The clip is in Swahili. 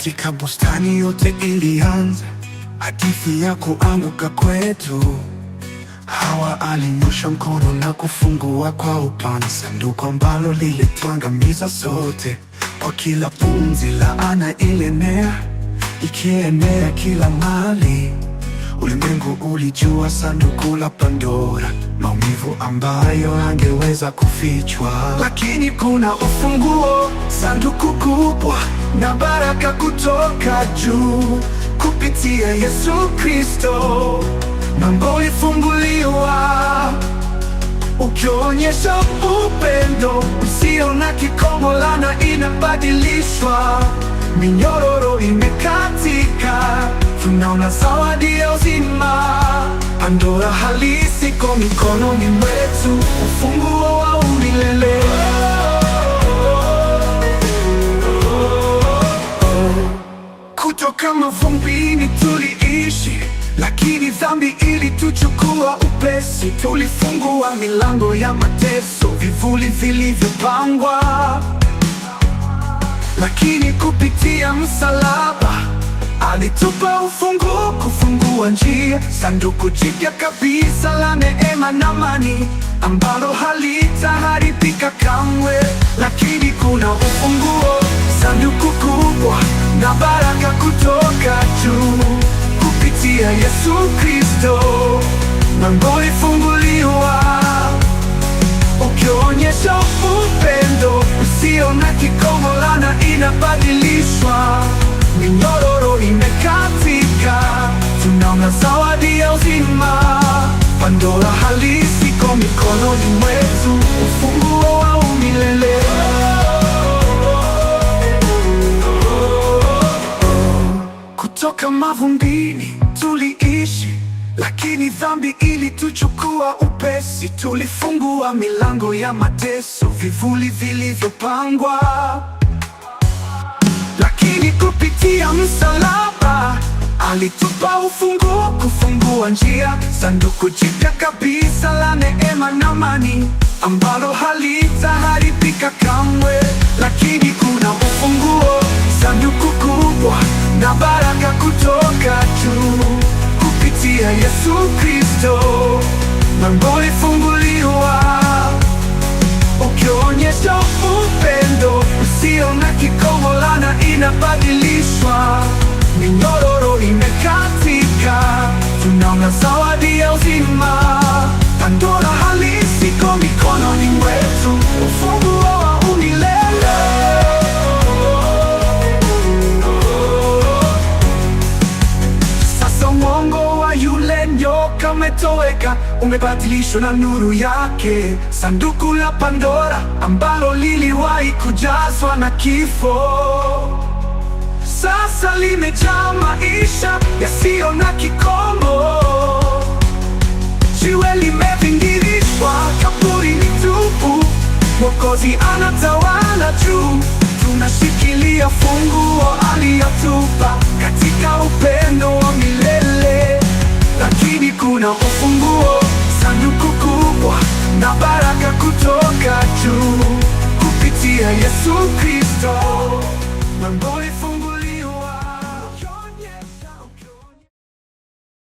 Katika bustani yote ilianza hadithi ya kuanguka kwetu. Hawa alinyosha mkono na kufungua kwa upana sanduku ambalo lilituangamiza sote. Kwa kila pumzi, laana ilienea, ikienea kila mali. Ulimwengu ulijua sanduku la Pandora, maumivu ambayo angeweza kufichwa, lakini kuna ufunguo, sanduku kubwa na baraka kutoka juu kupitia Yesu Kristo. Mambo ifunguliwa, ukionyesha upendo usio na kikomo, laana inabadilishwa, minyororo imekatika tunaona zawadi ya uzima. andora halisi iko mikononi mwetu, ufunguo wa umilele. Kutoka mavumbini tuliishi, lakini dhambi ilituchukua upesi. Tulifungua milango ya mateso, vivuli vilivyopangwa, lakini kupitia msalaba Alitupa ufunguo kufungua njia, sanduku jipya kabisa la neema na amani, ambalo halitaharibika kamwe. Lakini kuna ufunguo, sanduku kubwa na baraka kutoka juu, kupitia Yesu Kristo, mlango ifunguliwa, ukionyesha upendo usio na kikomo, laana inabadilishwa minyororo kama mavumbini tuliishi, lakini dhambi ilituchukua upesi. Tulifungua milango ya mateso, vivuli vilivyopangwa, lakini kupitia msalaba alitupa ufunguo, kufungua njia, sanduku jipya kabisa la neema na amani, ambalo halitaharibika. Yesu Kristo, mlango ulifunguliwa, ukionyesha upendo usio na kikomo, laana inabadilika. umetoweka, umebadilishwa na nuru yake. Sanduku la Pandora ambalo liliwahi kujazwa na kifo, sasa limejaa maisha yasiyo na kikomo. Jiwe limevingirishwa, kaburi ni tupu, Mwokozi anatawa yetu kupitia Yesu Kristo.